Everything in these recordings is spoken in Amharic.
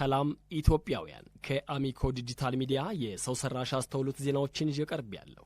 ሰላም ኢትዮጵያውያን፣ ከአሚኮ ዲጂታል ሚዲያ የሰው ሰራሽ አስተውሎት ዜናዎችን ይዤ ቀርብ ያለሁ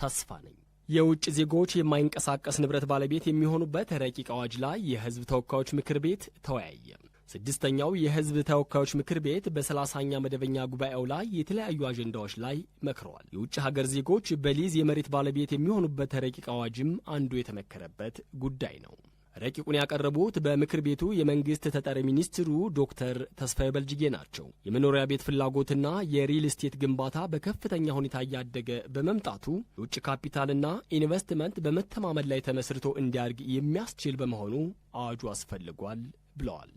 ተስፋ ነኝ። የውጭ ዜጎች የማይንቀሳቀስ ንብረት ባለቤት የሚሆኑበት ረቂቅ አዋጅ ላይ የህዝብ ተወካዮች ምክር ቤት ተወያየ። ስድስተኛው የህዝብ ተወካዮች ምክር ቤት በሰላሳኛ መደበኛ ጉባኤው ላይ የተለያዩ አጀንዳዎች ላይ መክረዋል። የውጭ ሀገር ዜጎች በሊዝ የመሬት ባለቤት የሚሆኑበት ረቂቅ አዋጅም አንዱ የተመከረበት ጉዳይ ነው። ረቂቁን ያቀረቡት በምክር ቤቱ የመንግስት ተጠሪ ሚኒስትሩ ዶክተር ተስፋዬ በልጅጌ ናቸው። የመኖሪያ ቤት ፍላጎትና የሪል ስቴት ግንባታ በከፍተኛ ሁኔታ እያደገ በመምጣቱ የውጭ ካፒታልና ኢንቨስትመንት በመተማመን ላይ ተመስርቶ እንዲያድግ የሚያስችል በመሆኑ አዋጁ አስፈልጓል ብለዋል።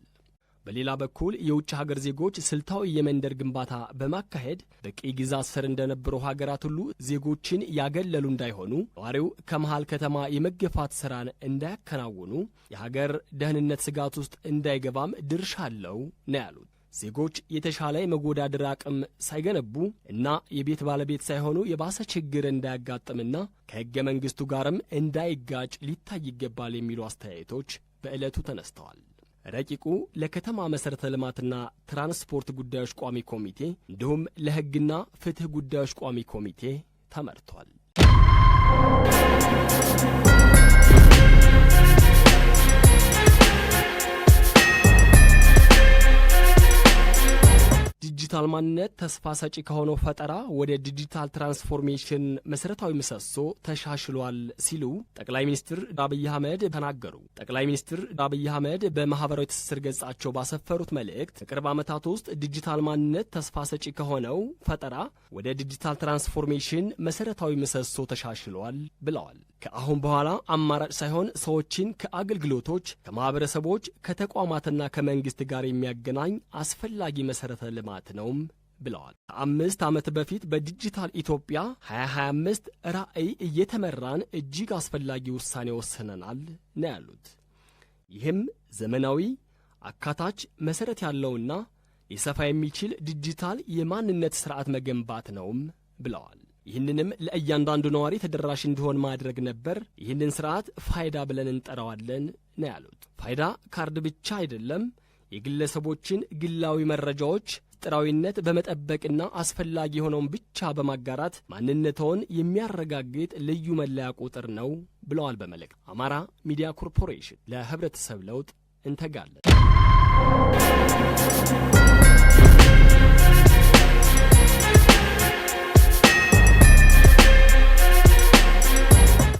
በሌላ በኩል የውጭ ሀገር ዜጎች ስልታዊ የመንደር ግንባታ በማካሄድ በቅኝ ግዛት ስር እንደነበሩ ሀገራት ሁሉ ዜጎችን ያገለሉ እንዳይሆኑ፣ ነዋሪው ከመሃል ከተማ የመገፋት ስራን እንዳያከናውኑ፣ የሀገር ደህንነት ስጋት ውስጥ እንዳይገባም ድርሻ አለው ነው ያሉት። ዜጎች የተሻለ የመወዳደር አቅም ሳይገነቡ እና የቤት ባለቤት ሳይሆኑ የባሰ ችግር እንዳያጋጥምና ከሕገ መንግሥቱ ጋርም እንዳይጋጭ ሊታይ ይገባል የሚሉ አስተያየቶች በዕለቱ ተነስተዋል። ረቂቁ ለከተማ መሠረተ ልማትና ትራንስፖርት ጉዳዮች ቋሚ ኮሚቴ እንዲሁም ለሕግና ፍትሕ ጉዳዮች ቋሚ ኮሚቴ ተመርቷል። ዲጂታል ማንነት ተስፋ ሰጪ ከሆነው ፈጠራ ወደ ዲጂታል ትራንስፎርሜሽን መሰረታዊ ምሰሶ ተሻሽሏል ሲሉ ጠቅላይ ሚኒስትር አብይ አህመድ ተናገሩ። ጠቅላይ ሚኒስትር አብይ አህመድ በማህበራዊ ትስስር ገጻቸው ባሰፈሩት መልእክት በቅርብ ዓመታት ውስጥ ዲጂታል ማንነት ተስፋ ሰጪ ከሆነው ፈጠራ ወደ ዲጂታል ትራንስፎርሜሽን መሰረታዊ ምሰሶ ተሻሽሏል ብለዋል። ከአሁን በኋላ አማራጭ ሳይሆን ሰዎችን ከአገልግሎቶች፣ ከማህበረሰቦች፣ ከተቋማትና ከመንግስት ጋር የሚያገናኝ አስፈላጊ መሰረተ ልማት ነው ነውም ብለዋል። ከአምስት ዓመት በፊት በዲጂታል ኢትዮጵያ 2025 ራዕይ እየተመራን እጅግ አስፈላጊ ውሳኔ ወስነናል ነው ያሉት። ይህም ዘመናዊ አካታች መሠረት ያለውና ሊሰፋ የሚችል ዲጂታል የማንነት ሥርዓት መገንባት ነውም ብለዋል። ይህንንም ለእያንዳንዱ ነዋሪ ተደራሽ እንዲሆን ማድረግ ነበር። ይህንን ሥርዓት ፋይዳ ብለን እንጠራዋለን ነው ያሉት። ፋይዳ ካርድ ብቻ አይደለም፣ የግለሰቦችን ግላዊ መረጃዎች ምስጢራዊነት በመጠበቅና አስፈላጊ የሆነውን ብቻ በማጋራት ማንነትውን የሚያረጋግጥ ልዩ መለያ ቁጥር ነው ብለዋል። በመልእክት አማራ ሚዲያ ኮርፖሬሽን ለህብረተሰብ ለውጥ እንተጋለን።